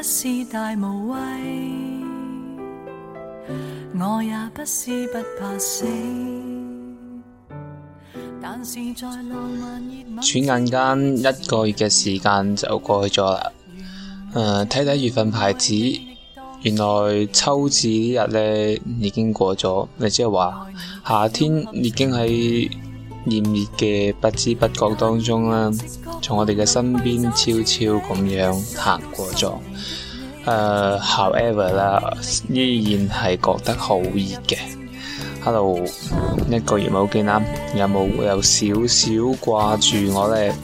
我不是大無畏，我也不是不怕死。轉眼間一個月嘅時間就過去咗啦，睇、呃、睇月份牌子，原來秋至日呢已經過咗，你即係話夏天已經喺。炎熱嘅不知不覺當中啦，從我哋嘅身邊悄悄咁樣行過咗。誒、uh，however 啦，依然係覺得好熱嘅。Hello，一個月冇見啦，有冇有少少掛住我咧？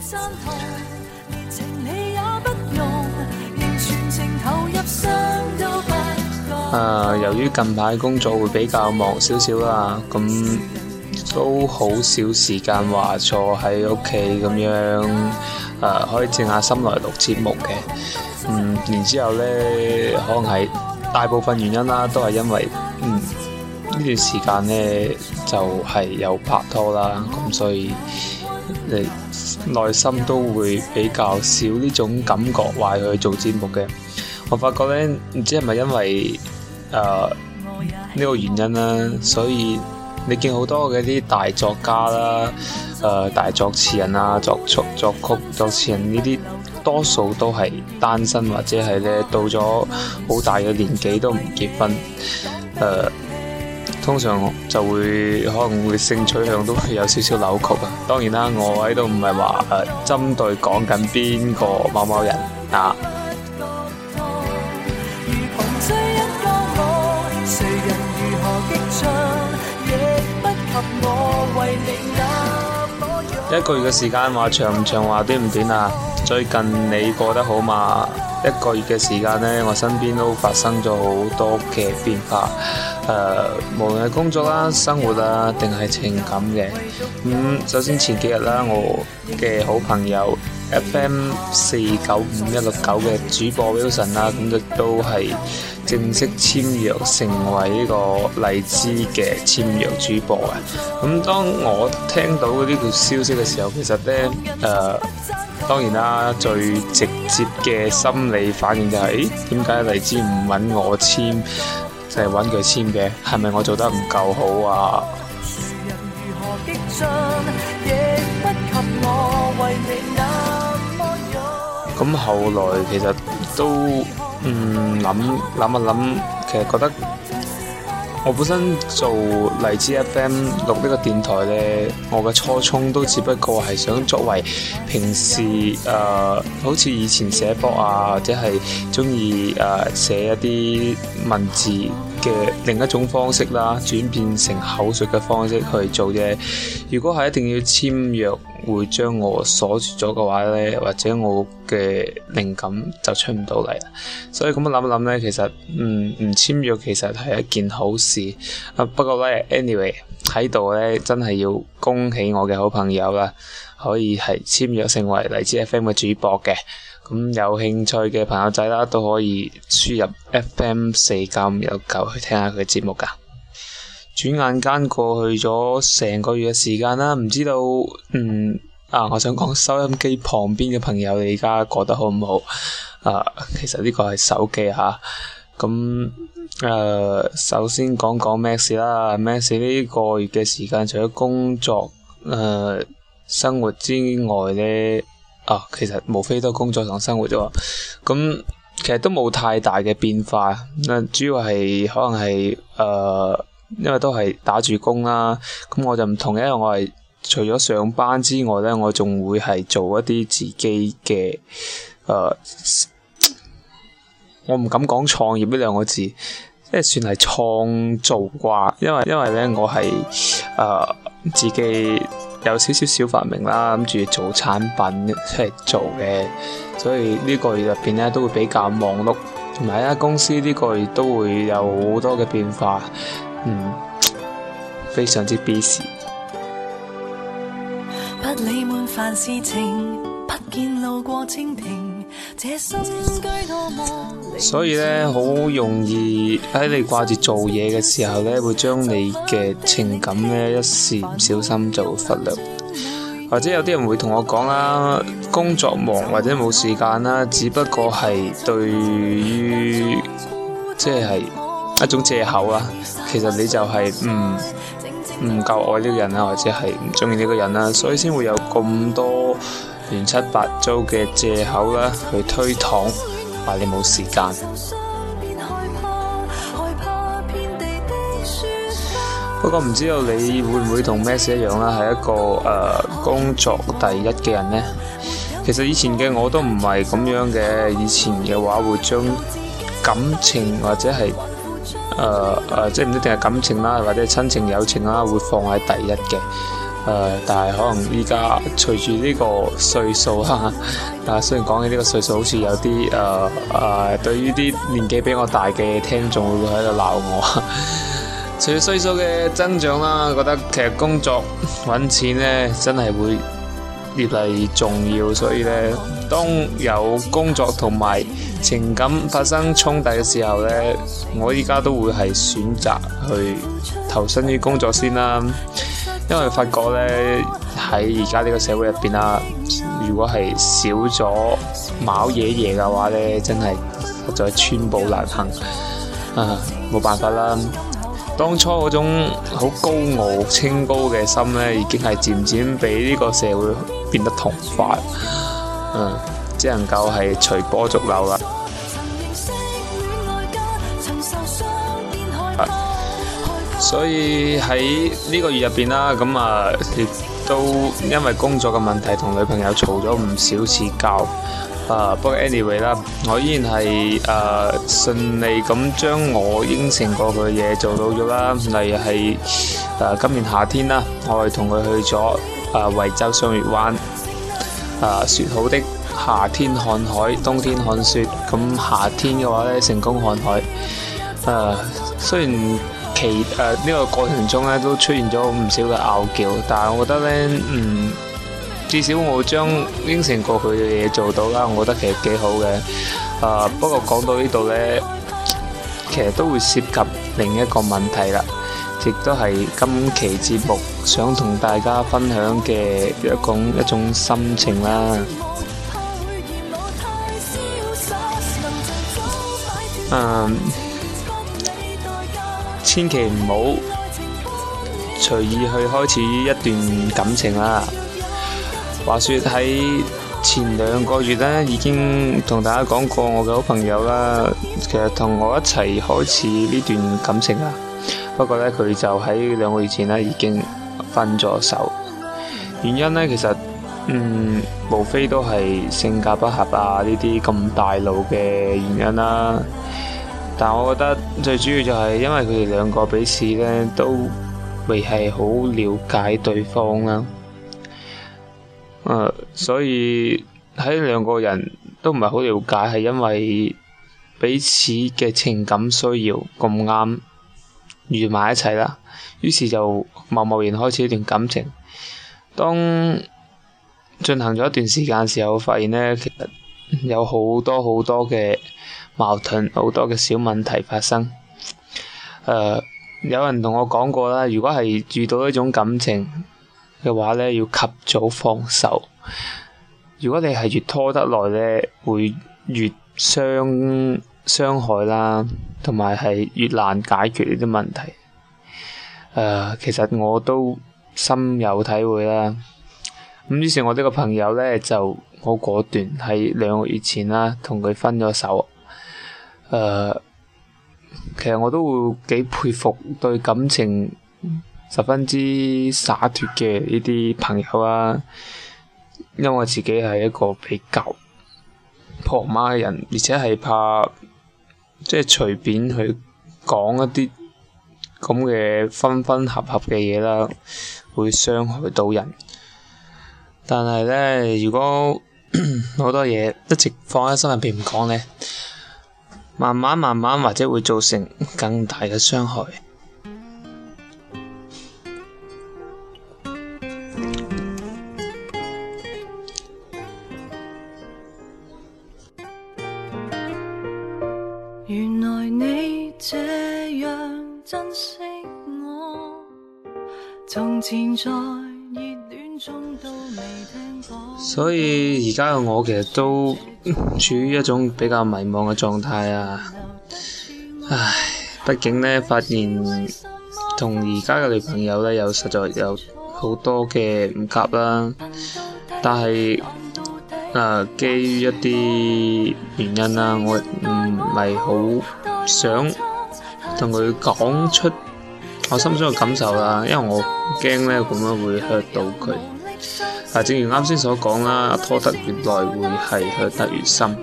誒、uh，由於近排工作會比較忙少少啦，咁。都好少時間話坐喺屋企咁樣，誒、呃，可以靜下心來錄節目嘅。嗯，然之後咧，可能係大部分原因啦，都係因為，嗯，呢段時間咧就係、是、有拍拖啦，咁所以你、呃、內心都會比較少呢種感覺，話去做節目嘅。我發覺咧，唔知係咪因為誒呢、呃呢個原因啦，所以。你見好多嗰啲大作家啦，誒、呃，大作詞人啊，作作作曲作詞人呢啲，多數都係單身或者係呢，到咗好大嘅年紀都唔結婚，誒、呃，通常就會可能會性取向都會有少少扭曲啊。當然啦，我喺度唔係話誒，呃，針對講緊邊個某某人啊。一個月嘅時間話長唔長，話短唔短,短啊！最近你過得好嘛？一個月嘅時間呢，我身邊都發生咗好多嘅變化，誒、呃，無論係工作啦、啊、生活啦、啊，定係情感嘅、嗯。咁首先前幾日啦，我嘅好朋友。F. M. 四九五一六九嘅主播 Wilson 啦，咁亦都係正式簽約成為呢個荔枝嘅簽約主播啊！咁當我聽到呢條消息嘅時候，其實咧，誒，當然啦，最直接嘅心理反應就係，誒，點解荔枝唔揾我簽，就係揾佢簽嘅？係咪我做得唔夠好啊？咁後來其實都嗯諗，諗一諗，其實覺得我本身做荔枝 FM 錄呢個電台呢，我嘅初衷都只不過係想作為平時誒、呃，好似以前寫博 l 啊，或者係中意誒寫一啲文字。另一種方式啦，轉變成口述嘅方式去做嘢。如果係一定要簽約，會將我鎖住咗嘅話呢，或者我嘅靈感就出唔到嚟啦。所以咁諗一諗呢，其實唔唔、嗯、簽約其實係一件好事。不過呢 anyway 喺度呢，anyway，真係要恭喜我嘅好朋友啦，可以係簽約成為荔枝 FM 嘅主播嘅。咁有興趣嘅朋友仔啦，都可以輸入 F.M. 四九五有九去聽下佢嘅節目㗎。轉眼間過去咗成個月嘅時間啦，唔知道嗯啊，我想講收音機旁邊嘅朋友，你而家過得好唔好啊？其實呢個係手機吓。咁、啊、誒、呃，首先講講 Max 啦，Max 呢個月嘅時間除咗工作誒、呃、生活之外咧。啊、哦，其實無非都工作同生活啫喎，咁其實都冇太大嘅變化，主要係可能係誒、呃，因為都係打住工啦，咁我就唔同，因為我係除咗上班之外呢，我仲會係做一啲自己嘅誒、呃，我唔敢講創業呢兩個字，即係算係創造啩，因為因為呢我係誒、呃、自己。有少少小發明啦，諗住做產品出嚟做嘅，所以呢個月入邊咧都會比較忙碌，同埋啊公司呢個月都會有好多嘅變化，嗯，非常之 busy。不理悶凡事情，不見路過蜻蜓。所以咧，好容易喺你掛住做嘢嘅時候咧，會將你嘅情感呢一時唔小心就會忽略。或者有啲人會同我講啦，工作忙或者冇時間啦，只不過係對於即係一種借口啊。其實你就係唔唔夠愛呢個人啊，或者係唔中意呢個人啦，所以先會有咁多。亂七八糟嘅借口啦，去推搪，話你冇時間。 不過唔知道你會唔會同 Max 一樣啦，係一個誒、呃、工作第一嘅人呢？其實以前嘅我都唔係咁樣嘅，以前嘅話會將感情或者係誒誒，即係唔一定係感情啦，或者親情、友情啦，會放喺第一嘅。誒、呃，但係可能依家隨住呢個歲數啊，但係雖然講起呢個歲數，好似有啲誒誒，對於啲年紀比我大嘅聽眾會喺度鬧我。隨住歲數嘅增長啦，覺得其實工作揾錢呢真係會越嚟越重要，所以呢，當有工作同埋情感發生衝突嘅時候呢，我依家都會係選擇去投身於工作先啦。因為發覺咧，喺而家呢個社會入邊啦，如果係少咗某嘢嘢嘅話咧，真係實在寸步難行啊！冇辦法啦，當初嗰種好高傲、清高嘅心咧，已經係漸漸俾呢個社會變得同化，嗯，只能夠係隨波逐流啦。嗯嗯所以喺呢個月入邊啦，咁啊亦都因為工作嘅問題同女朋友嘈咗唔少次交。啊，不過 anyway 啦，我依然係誒順利咁將我應承過佢嘅嘢做到咗啦。例如係誒、uh, 今年夏天啦，我係同佢去咗誒惠州雙月灣。誒、uh, 說好的夏天看海，冬天看雪，咁夏天嘅話咧成功看海。誒、uh, 雖然。其誒呢、呃呢個過程中咧都出現咗唔少嘅拗撬，但係我覺得咧，嗯，至少我將應承過佢嘅嘢，做到啦，我覺得其實幾好嘅。誒、呃，不過講到呢度咧，其實都會涉及另一個問題啦，亦都係今期節目想同大家分享嘅一種一種心情啦。嗯、呃。千祈唔好隨意去開始一段感情啦。話說喺前兩個月咧，已經同大家講過我嘅好朋友啦，其實同我一齊開始呢段感情啦。不過咧，佢就喺兩個月前咧已經分咗手，原因咧其實，嗯，無非都係性格不合啊呢啲咁大路嘅原因啦，啊。但我覺得最主要就係因為佢哋兩個彼此咧都未係好了解對方啦，誒、呃,所以喺兩個人都唔係好了解，係因為彼此嘅情感需要咁啱遇埋一齊啦。於是就貿貿然開始一段感情。當進行咗一段時間時候，發現咧其實有好多好多嘅矛盾好多嘅小問題發生。誒、呃，有人同我講過啦，如果係遇到呢種感情嘅話咧，要及早放手。如果你係越拖得耐咧，會越傷傷害啦，同埋係越難解決呢啲問題。誒、呃，其實我都深有體會啦。咁於是，我呢個朋友咧就好果斷，喺兩個月前啦，同佢分咗手。誒，uh, 其實我都會幾佩服對感情十分之灑脱嘅呢啲朋友啦、啊，因為自己係一個比較婆媽嘅人，而且係怕即係隨便去講一啲咁嘅分分合合嘅嘢啦，會傷害到人。但係咧，如果好 多嘢一直放喺心入邊唔講咧～慢慢慢慢，或者會造成更大嘅傷害。所以而家嘅我其實都處於一種比較迷茫嘅狀態啊！唉，畢竟呢，發現同而家嘅女朋友呢，又實在有好多嘅唔夾啦，但係誒，呃，基於一啲原因啦，啊，我唔係好想同佢講出。我心中嘅感受啦，因為我驚咧咁樣會 hurt 到佢。啊，正如啱先所講啦，拖得越耐會係 hurt 得越深。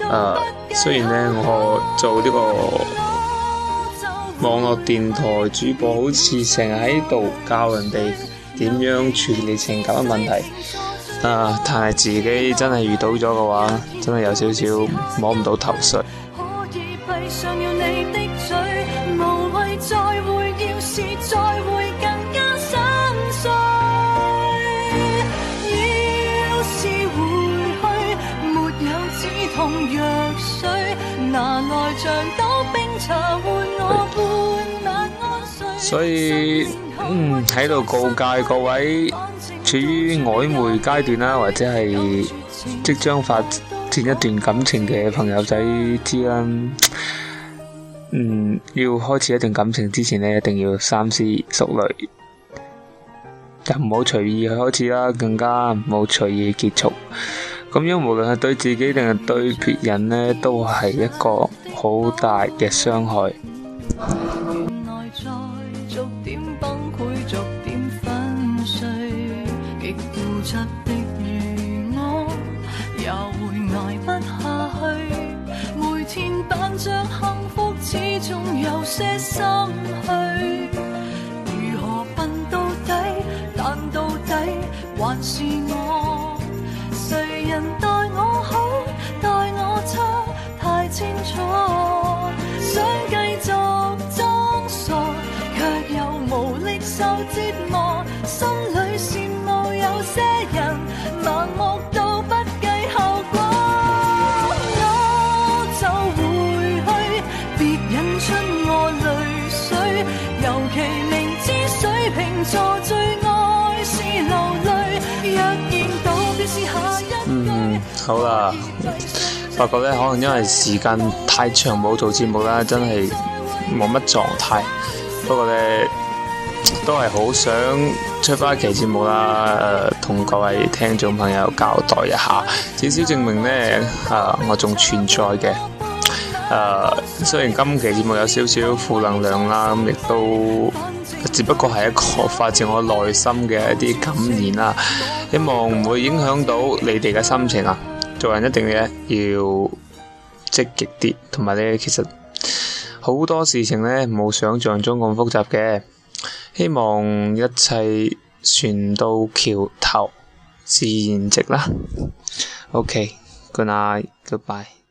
誒、呃，雖然咧我做呢個網絡電台主播，好似成日喺度教人哋點樣處理情感嘅問題。啊、呃，但係自己真係遇到咗嘅話，真係有少少摸唔到頭緒。 所以，嗯，喺度告誡各位處於曖昧階段啦，或者係即將發展一段感情嘅朋友仔知啦，嗯，要開始一段感情之前呢，一定要三思熟慮，就唔好隨意去開始啦，更加唔好隨意結束。咁樣無論係對自己定係對別人呢，都係一個好大嘅傷害。原來在逐點崩潰，逐點粉碎，極固執的如我，也會捱不下去。每天扮着幸福，始終有些心。嗯，好啦，發覺咧，可能因為時間太長冇做節目啦，真係冇乜狀態。不過咧，都係好想出翻一期節目啦，同、呃、各位聽眾朋友交代一下，至少證明呢，誒、呃、我仲存在嘅。誒，uh, 雖然今期節目有少少負能量啦，啊，咁亦都只不過係一個發自我內心嘅一啲感言啦，啊。希望唔會影響到你哋嘅心情啊。做人一定要，要積極啲，同埋咧，其實好多事情咧冇想象中咁複雜嘅。希望一切船到橋頭自然直啦。OK，good night，goodbye。